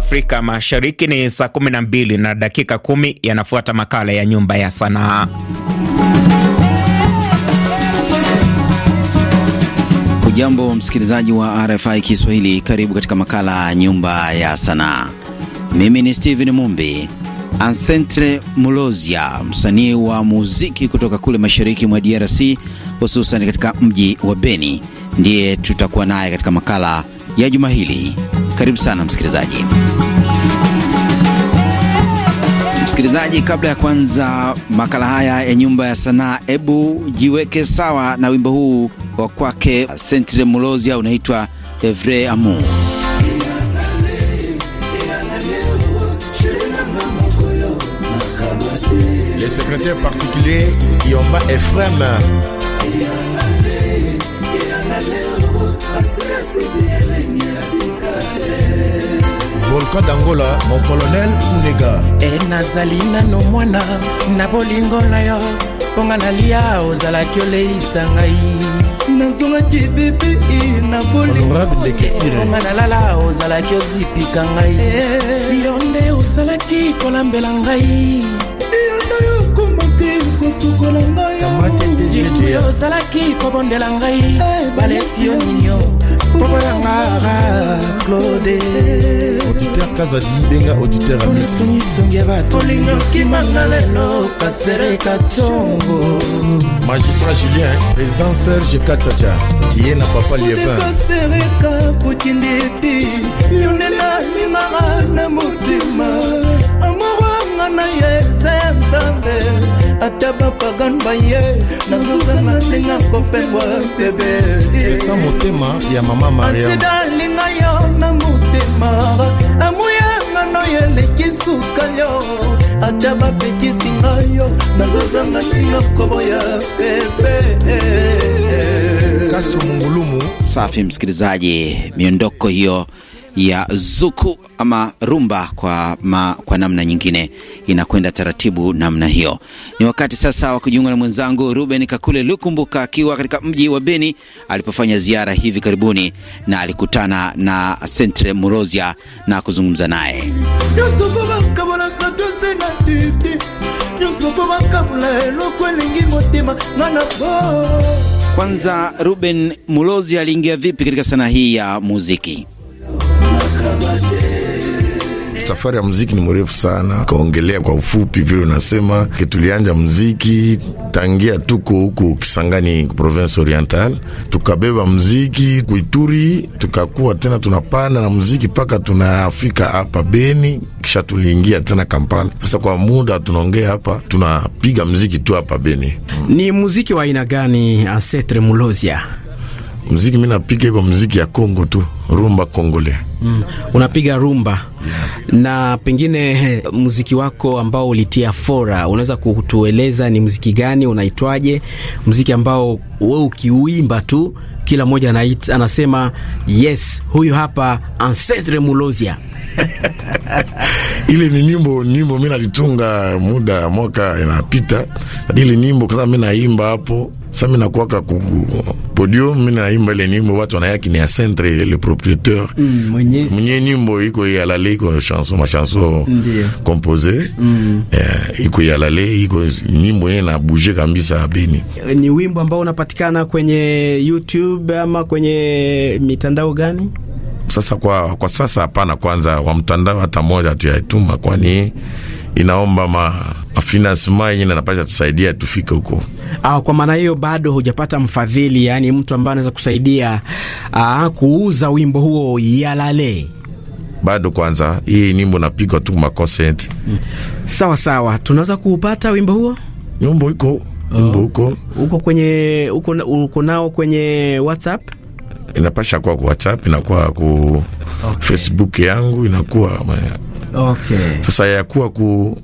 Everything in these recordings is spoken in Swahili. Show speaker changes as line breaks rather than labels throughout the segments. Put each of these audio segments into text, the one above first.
Afrika Mashariki ni saa 12 na dakika kumi. Yanafuata
makala ya nyumba ya sanaa. Ujambo msikilizaji wa RFI Kiswahili, karibu katika makala ya nyumba ya sanaa. Mimi ni Steven Mumbi. Ancentre Mulozia, msanii wa muziki kutoka kule mashariki mwa DRC, hususan katika mji wa Beni, ndiye tutakuwa naye katika makala ya juma hili. Karibu sana msikilizaji. Msikilizaji, kabla ya kuanza makala haya ya nyumba ya sanaa, hebu jiweke sawa na wimbo huu wa kwake Centre Mulozia unaitwa Le Vrai Amour.
Le secrétaire particulier Yomba Efrem
volkan dangola mon colonel unega e nazali nano mwana na bolingo na yo mponga nalia ozalaki oleisa ngai
nazongaki bebe na bolingonga nalala ozalaki ozipika ngai eh. yo nde ozalaki kolambela ngai Oh. ozalaki kobondela ngai eh,
auditeur magistrat julien président serge kachacha papa
na ye eza ya nzambe ata bapagane baye nazozanga te na kopengwa bebe esa
motema ya mama mariaantida
alinga yo na motema amuyanga no yo eleki suka yo ata bapekisi ngai yo nazozanga te yo koboya bebe
kasi mungulumu
safi msikilizaji miondoko hiyo ya zuku ama rumba kwa, ma, kwa namna nyingine inakwenda taratibu namna hiyo. Ni wakati sasa wa kujiunga na mwenzangu Ruben Kakule Lukumbuka akiwa katika mji wa Beni alipofanya ziara hivi karibuni, na alikutana na Centre Murozia na kuzungumza naye kwanza. Ruben Mulozi aliingia vipi katika sanaa hii ya muziki?
Safari ya muziki ni mrefu sana, kaongelea kwa ufupi vile unasema ke, tulianja muziki tangia tuko huku Kisangani province oriental, tukabeba muziki kuituri, tukakuwa tena tunapanda na muziki mpaka tunafika hapa Beni, kisha tuliingia tena Kampala. Sasa kwa muda tunaongea hapa, tunapiga muziki tu hapa Beni.
Ni muziki wa aina gani? Asetre
Mulozia mziki mi napiga hivyo mziki ya Kongo tu, rumba Kongole.
Mm. Unapiga rumba Na pengine eh,
mziki wako ambao ulitia
fora, unaweza kutueleza ni mziki gani, unaitwaje? mziki ambao we ukiuimba tu kila mmoja anasema yes, huyu hapa ancestre
Mulozia. ile ni nyimbo nyimbo mi nalitunga muda mwaka inapita, ile nyimbo kaa mi naimba hapo sa mi nakuaka ku podium mi naimba ile nyimbo watu wanayaki ni ya centre le propriétaire mm, mwenye, mwenye nyimbo iko yalale iko chanson machanson composé mm. eh, iko yalale iko nyimbo na bouger kabisa beni.
Euh, ni wimbo ambao unapatikana kwenye YouTube ama kwenye mitandao gani?
Sasa kwa, kwa sasa hapana, kwanza wa mtandao hata moja tuyaituma kwani mm inaomba ma finance mine anapasha tusaidia tufike huko.
Ah, kwa maana hiyo bado hujapata mfadhili, yani mtu ambaye anaweza kusaidia ah, kuuza wimbo huo yalale
bado kwanza, hii nyimbo napigwa tu ma mm. Sawa sawa, tunaweza
kuupata wimbo huo? Nyimbo iko nyimbo oh. huko. huko kwenye uko, uko nao kwenye WhatsApp?
Inapasha kuwa kwa WhatsApp, inakuwa ku okay. Facebook yangu inakuwa Okay. Sasa yakuwa ku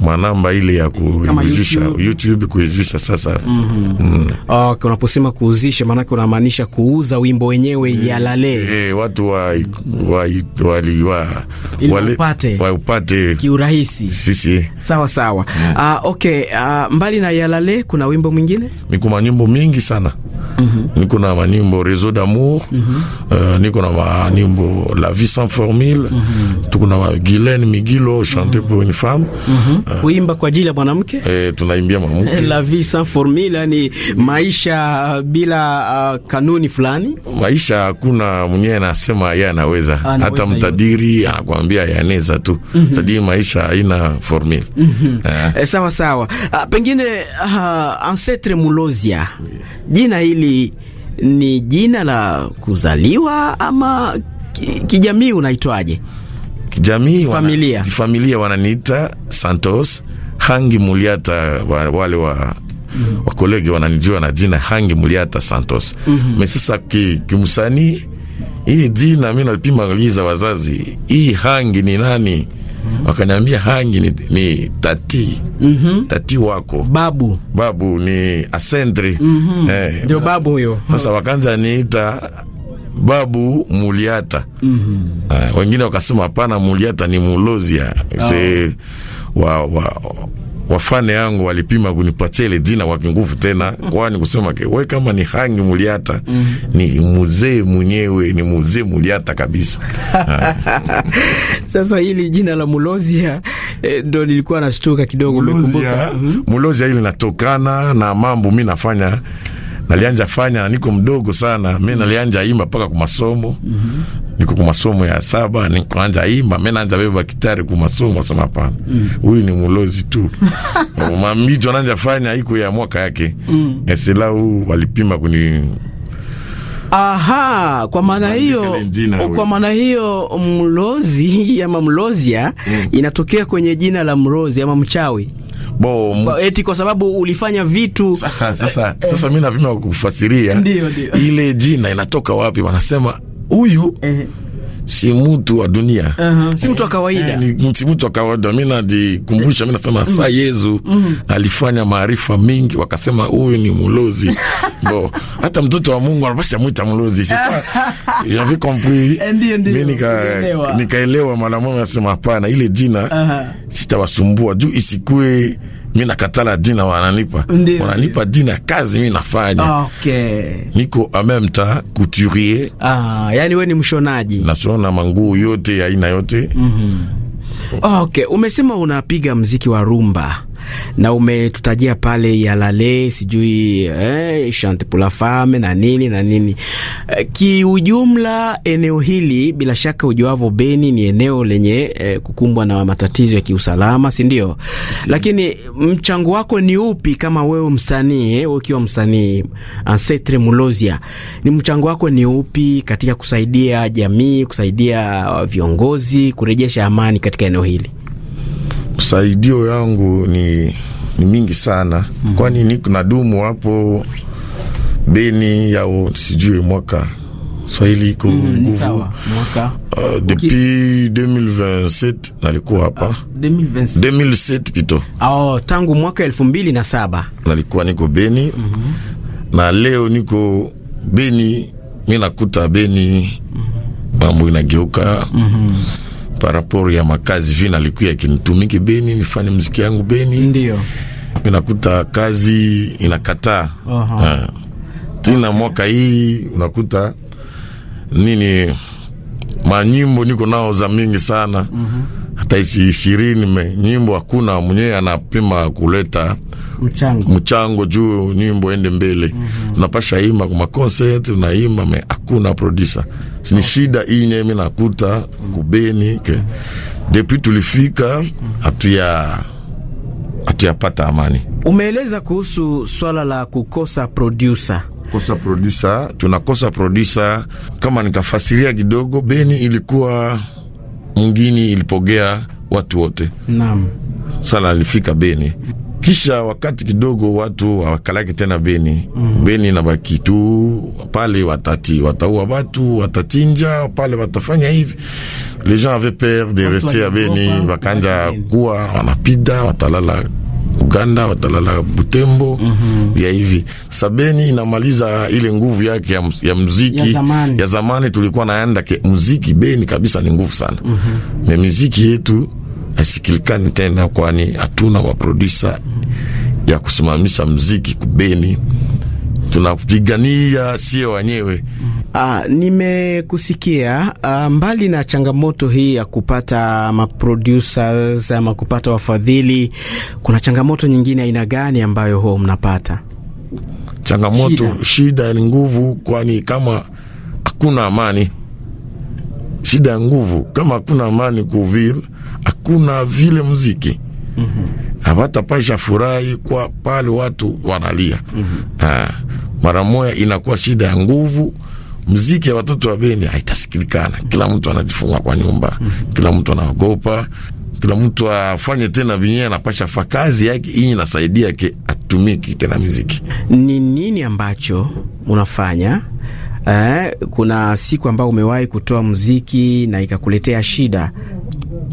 mwanamba ile ya kuizisha YouTube, YouTube sasa. Mhm. mm -hmm. mm. Okay, unaposema kuuzisha
maanake unamaanisha kuuza wimbo wenyewe e, lale
e, watu wa, wa, wali, wa, wale, upate, wa upate kiurahisi sisi sawa sawa. mm. Uh, okay. Uh, mbali na yalale kuna wimbo mwingine, niko na nyimbo mingi sana. mm -hmm. Niko na manyimbo Reseau d'amour. mm -hmm. Uh, eh, niko na manyimbo La vie sans formule. mm -hmm. Tuko na Guylaine Migilo chante mm -hmm. pour une femme. mm -hmm kuimba kwa ajili ya mwanamke eh, tunaimbia mwanamke la
vie sans formule, yani maisha uh, bila uh, kanuni fulani.
Maisha hakuna mwenye anasema yeye anaweza, hata mtadiri anakuambia yaneza tu mm -hmm. Tadiri maisha haina formule mm -hmm. eh.
sawa sawa. Uh, pengine uh, ah, ancestre Mulozia Jina hili ni jina la kuzaliwa ama kijamii unaitwaje?
jamii familia, wana, familia wananiita Santos Hangi Muliata, wale wa mm -hmm. wakolege wananijua na jina Hangi Muliata Santos mm -hmm. ki, kimsanii hili jina mi liza wazazi, hii Hangi ni nani? Mhm. Wakaniambia Hangi ni, ni tati mm -hmm. tati wako babu, babu ni Asendri mm -hmm. eh, ndio babu huyo. Sasa wakanja niita babu Muliata. mm -hmm. Uh, wengine wakasema hapana, Muliata ni Mulozia. oh. wa, wa, wafane yangu walipima kunipatia ile jina kwa kinguvu tena, kwani kusema ke we kama ni hangi Muliata mm. ni muzee mwenyewe ni muzee Muliata kabisa.
Sasa hili jina la
Mulozia eh, ndo eh, lilikuwa nastuka kidogo. Mulozia, mhm. Mulozia hili natokana na mambo mi nafanya nalianja fanya niko mdogo sana mi mm-hmm. nalianja imba mpaka kumasomo mm -hmm. niko kumasomo ya saba nikoanja imba mi naanja beba kitari kumasomo sema hapana mm. huyu ni mulozi tu oh, mamito nanja fanya iko ya mwaka yake mm. esilau walipima kuni
Aha, kwa maana hiyo, kwa maana hiyo mlozi ama mlozia mm. inatokea kwenye jina la mlozi ama mchawi
Bo, ba, eti kwa sababu ulifanya vitu sasa. Sasa, eh, eh. sasa mimi napima kukufasiria ile jina inatoka wapi, wanasema huyu eh si mtu wa dunia
uh-huh. si mtu wa kawaida
mtu wa kawaida. Mi najikumbusha, mi nasema mm-hmm. saa Yesu mm alifanya maarifa mingi, wakasema huyu ni mlozi bo, hata mtoto wa Mungu anapasha mwita mlozi. Sasa javi kompri eh, nikaelewa, nika asema hapana, ile jina uh-huh. sitawasumbua juu isikue mi nakatala dina wananipa wananipa dina kazi mi nafanya ah, okay. Niko amemta kuturie ah, yani we ni mshonaji, nashona manguo yote
aina yote mm -hmm. Okay, umesema unapiga mziki wa rumba na umetutajia pale ya lale sijui eh, chante pour la femme na nini na nini eh, kiujumla eneo hili bila shaka ujuavo Beni ni eneo lenye eh, kukumbwa na matatizo ya kiusalama, si ndio? Lakini mchango wako ni upi kama wewe msanii, eh, wewe ukiwa msanii Ancetre Mulozia, ni mchango wako ni upi katika kusaidia jamii, kusaidia
viongozi
kurejesha amani katika eneo hili?
saidio yangu ni, ni mingi sana mm -hmm. kwani niko na dumu hapo Beni yao sijui mwaka Swahili iko mm, nguvu uh, depuis 2027 nalikuwa hapa uh, 2027, 2007 pito oh, tangu mwaka elfu mbili na saba nalikuwa niko Beni mm -hmm. na leo niko Beni, mi nakuta Beni mhm. mambo mm -hmm. inageuka mm -hmm paraporo ya makazi vi nalikuya kinitumiki Beni nifanye mziki yangu Beni, ndio unakuta kazi inakataa uh -huh. Tina Mwaka hii unakuta nini manyimbo niko nao za mingi sana uh mhm. -huh hata isi ishirini me nyimbo hakuna mwenyewe anapima kuleta mchango, mchango juu nyimbo ende mbele. mm -hmm. Unapasha ima kwa concert unaima me hakuna producer ni okay. Shida inye mi nakuta kubeni ke mm -hmm. depuis tulifika hatuya hatuyapata amani. Umeeleza kuhusu swala la kukosa producer kosa producer, tunakosa producer. Kama nikafasiria kidogo, Beni ilikuwa mgini ilipogea watu wote. Naam. Sala alifika Beni, kisha wakati kidogo watu wakalaki tena Beni. mm. Beni na tu pale, watati wataua watu, watachinja pale, watafanya hivi. Les gens avaient peur de rester ya Beni, wakanja kuwa wanapida, watalala uganda watalala Butembo mm -hmm. vya hivi. Sabeni inamaliza ile nguvu yake ya, ya muziki ya zamani, ya zamani tulikuwa naenda ke muziki Beni kabisa ni nguvu sana mm -hmm. me muziki yetu asikilikani tena, kwani hatuna -hmm. ya kusimamisha muziki kubeni tunapigania sio wenyewe. Ah, nimekusikia. Ah, mbali na changamoto
hii ya kupata maproducers ama kupata wafadhili, kuna changamoto nyingine aina gani ambayo
huo mnapata? Changamoto shida, shida ni nguvu, kwani kama hakuna amani, shida ya nguvu. Kama hakuna amani kuvil hakuna vile mziki mm -hmm. pasha furahi kwa pale watu wanalia mm -hmm mara moja inakuwa shida ya nguvu. Mziki ya watoto wa Beni haitasikilikana, kila mtu anajifunga kwa nyumba, kila mtu anaogopa, kila mtu afanye tena vinyewe, anapasha fa kazi yake inyi nasaidia ke atumiki tena mziki.
Ni nini ambacho unafanya? Eh, kuna siku ambayo umewahi kutoa mziki na ikakuletea
shida?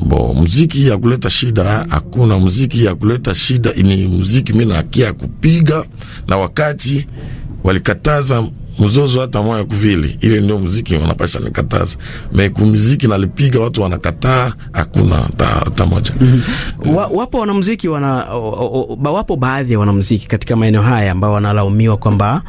Bo, mziki ya kuleta shida hakuna. Mziki ya kuleta shida ni mziki, mi naakia kupiga na wakati walikataza mzozo hata moya kuvili ile ndio muziki wanapasha nikataza mekumuziki nalipiga watu wanakataa, hakuna hata moja. mm
-hmm. Wa, wapo wanamuziki wana, wapo baadhi ya wanamuziki katika maeneo haya ambao wanalaumiwa kwamba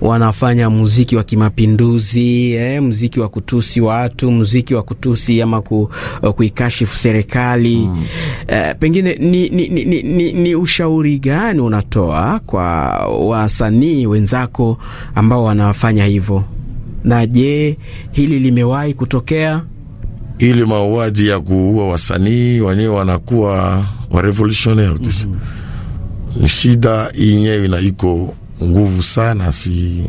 wanafanya muziki wa kimapinduzi eh, muziki wa kutusi watu, muziki wa kutusi ama ku, kuikashifu serikali mm. Eh, pengine ni, ni, ni, ni, ni ushauri gani unatoa kwa wasanii wenzako ambao wana wanafanya
hivyo. Na je, hili limewahi kutokea? Ili mauaji ya kuua wasanii wenyewe wanakuwa wa revolutionary mm -hmm. Ni shida yenyewe na iko nguvu sana, si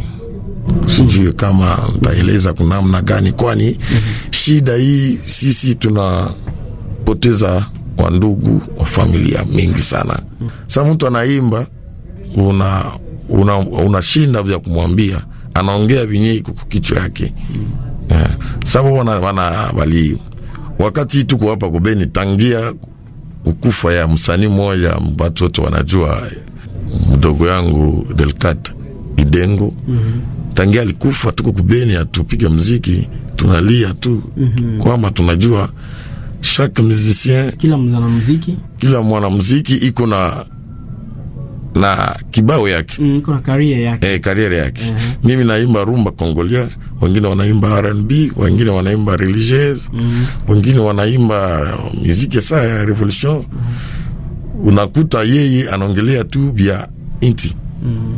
sijui kama ntaeleza kunamna gani, kwani mm -hmm. shida hii sisi tunapoteza wandugu wa familia mingi sana. Mm-hmm. Sa mtu anaimba unashinda una, una vya kumwambia anaongea vinye iko kwa kichwa yake yeah. Mm. sabu wana wana bali wakati tuko hapa kubeni tangia ukufa ya msanii mmoja, wote wanajua mdogo yangu Delcat Idengo mm -hmm. tangia alikufa tuko kubeni atupige mziki tunalia tu mm -hmm. kwamba tunajua chaque musicien, kila mwanamuziki iko na na kibao yake mm, kuna career yake eh, career yake uh -huh. Mimi naimba rumba Kongolia, wengine wanaimba R&B, wengine wanaimba religious mm. wengine wanaimba muziki saa ya revolution mm. Unakuta yeye anaongelea tu vya inti mm.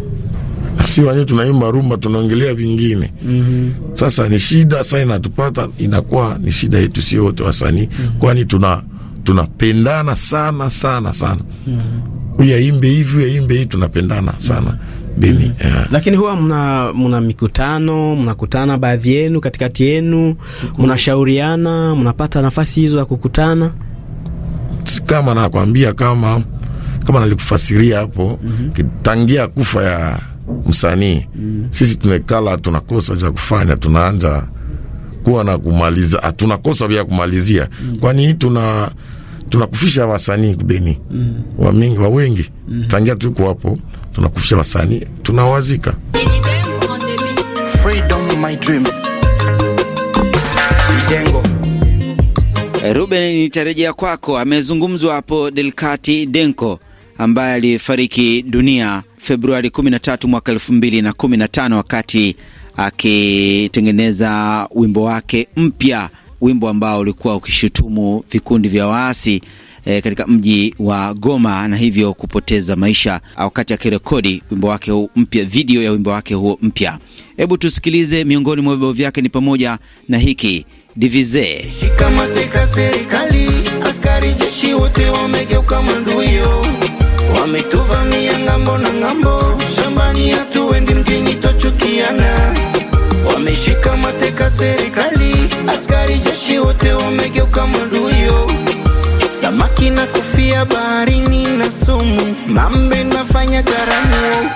Asi wanyo tunaimba rumba, tunaongelea vingine mm
-hmm.
Sasa ni shida sasa inatupata, inakuwa ni shida yetu sio wote wasanii mm -hmm. kwani tuna tunapendana sana sana sana mm -hmm huyu aimbe hivi, huyu aimbe hii, tunapendana sana Bini, mm -hmm. Yeah. Lakini huwa mna, mna
mikutano mnakutana baadhi yenu katikati yenu mnashauriana mnapata
nafasi hizo za kukutana kama nakwambia kama kama nalikufasiria hapo mm -hmm. Tangia kufa ya msanii mm -hmm. Sisi tumekala tunakosa cha kufanya tunaanza kuwa na kumaliza tunakosa vya kumalizia mm -hmm. Kwani tuna tunakufisha wasanii kubeni mm. wa mingi wa wengi mm. tangia tuko hapo, tunakufisha wasanii tunawazika.
Freedom my dream eh, Ruben, nitarejea kwako. Amezungumzwa hapo Delkati Denko ambaye alifariki dunia Februari 13 mwaka 2015 wakati akitengeneza wimbo wake mpya wimbo ambao ulikuwa ukishutumu vikundi vya waasi E, katika mji wa Goma na hivyo kupoteza maisha ah, wakati akirekodi wimbo wake huu mpya, video ya wimbo wake huo mpya. Hebu tusikilize, miongoni mwa vibao vyake ni pamoja na hiki Divize.
serikali, askari jeshi wote wamegeuka manduio, wametuvamia ngambo na ngambo, shambani hatuendi, mjini tochukiana wameshika mateka serikali, askari jeshi wote wamegeuka maduyo, samaki na kofia baharini na sumu, mambe nafanya karamu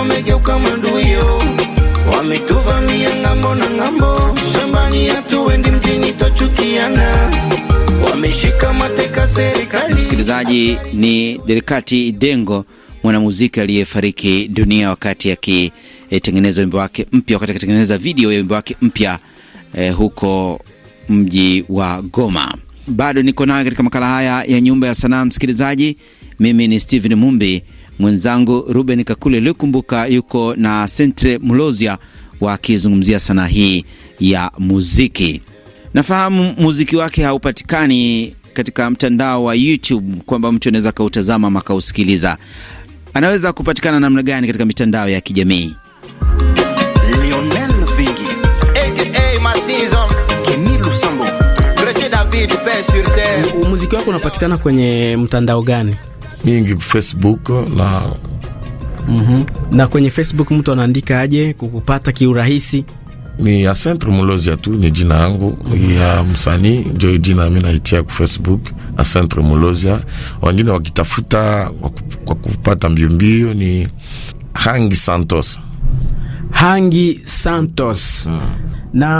wamegeuka manduyo, wametuvamia ngambo na ngambo, shambani hatuendi, mjini twachukiana, wameshika mateka serikali.
Msikilizaji, ni Delikati Dengo, mwanamuziki aliyefariki dunia wakati akitengeneza wimbo wake mpya, wakati akitengeneza video ya wimbo wake mpya eh, huko mji wa Goma. Bado niko naye katika makala haya ya Nyumba ya Sanaa. Msikilizaji, mimi ni Steven Mumbi Mwenzangu Ruben Kakule aliyokumbuka yuko na Sentre Mlozia wakizungumzia sanaa hii ya muziki. Nafahamu muziki wake haupatikani katika mtandao wa YouTube kwamba mtu anaweza akautazama ama akausikiliza. Anaweza kupatikana namna gani katika mitandao ya kijamii?
Muziki wako unapatikana kwenye mtandao gani? mingi Facebook na mm -hmm. na kwenye Facebook mtu anaandika aje kukupata kiurahisi?
Ni Acentre Mulozia tu ni jina yangu mm -hmm. ya msanii ndio jina mimi naitia ku Facebook Acentre Mulozia. Wengine wakitafuta kwa kupata mbiombio ni Hangi Santos. Hangi Santos mm. na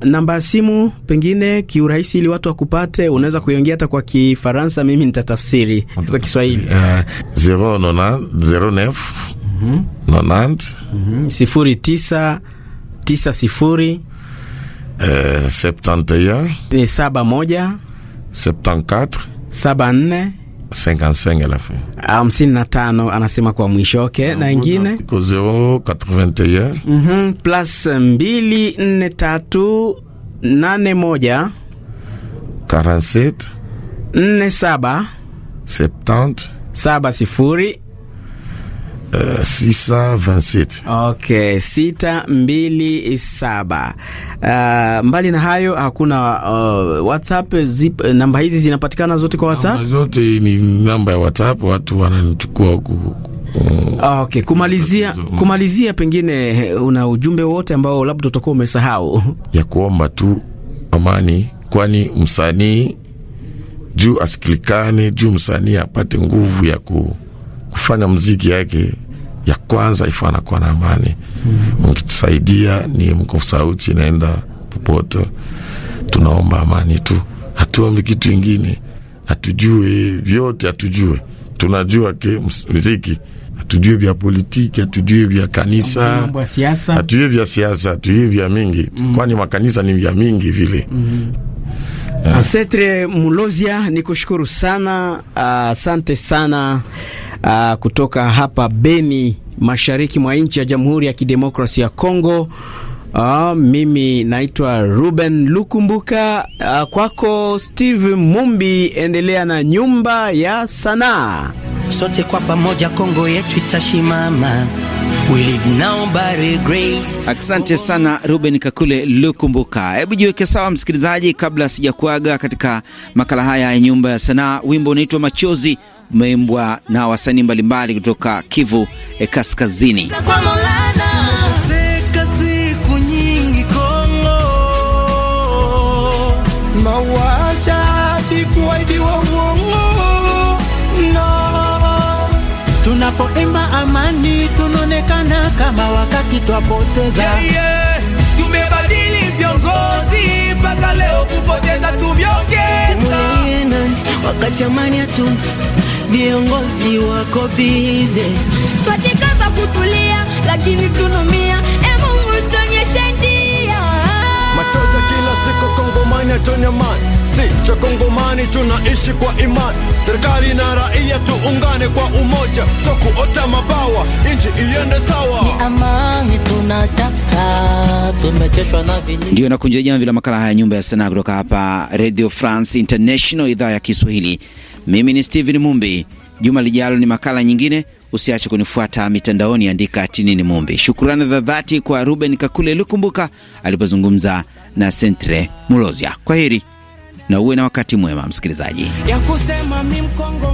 namba ya
simu pengine kiurahisi, ili watu wakupate, unaweza kuiongea hata kwa Kifaransa, mimi nitatafsiri kwa Kiswahili
eh, zero nona zero nef mhm.
mhm. sifuri tisa tisa sifuri
eh, septante eh,
saba moja septante quatre saba nne
57 elfu
hamsini na tano anasema kwa mwishoke, na ingine
ko 081
mm -hmm, plus 243 81
47
47
70 saba sifuri Uh, 627
okay, 627 Uh, mbali na hayo hakuna uh, WhatsApp zip, namba hizi zinapatikana zote kwa WhatsApp? Namba zote ni namba ya WhatsApp, watu wananichukua huku. Uh, ah, okay, kumalizia kumalizia, pengine eh, una ujumbe wote ambao labda utakuwa umesahau
ya kuomba tu amani, kwani msanii juu asikilikane, juu msanii apate nguvu ya kufanya mziki yake ya kwanza ifa anakuwa na amani. Mm-hmm. Mkitusaidia ni mko sauti inaenda popote, tunaomba amani tu, hatuombi kitu ingine, hatujue vyote, hatujue tunajua ke muziki, hatujue vya politiki, hatujue vya kanisa, hatujue vya siasa, hatujue vya mingi mm. kwani makanisa ni vya mingi vile mm.
Asetre Mulozia, nikushukuru sana, asante uh, sana uh, kutoka hapa Beni, mashariki mwa nchi ya Jamhuri ya kidemokrasi ya Kongo. Uh, mimi naitwa Ruben Lukumbuka. Uh, kwako Steve Mumbi, endelea na nyumba ya
sanaa. Sote kwa pamoja Kongo yetu itashimama
Asante sana Ruben Kakule Lukumbuka. Hebu jiweke sawa msikilizaji, kabla sijakuaga katika makala haya ya nyumba ya sanaa. Wimbo unaitwa Machozi, umeimbwa na wasanii mbalimbali kutoka Kivu e Kaskazini.
Tunapoimba amani tuna tunaonekana kama wakati twapoteza. Yeah, yeah. Tumebadili viongozi mpaka leo kupoteza tumeongeza. Wakati amani tu viongozi wako bize, twajikaza kutulia, lakini tunumia tunaishi kwa imani, serikali na raia tuungane kwa umoja, so kuota mabawa, nchi iende sawa. Ni amani
tunataka, tumecheshwa na vinyi. Ndio nakunja jamvi la makala haya nyumba ya sanaa kutoka hapa Radio France International, idhaa ya Kiswahili. Mimi ni Steven Mumbi. Juma lijalo ni makala nyingine. Usiache kunifuata mitandaoni, andika tinini Mumbi. Shukurani za dhati kwa Ruben Kakule Lukumbuka alipozungumza na Sentre Mulozia. Kwa heri na uwe na wakati mwema msikilizaji ya kusema mi mkongo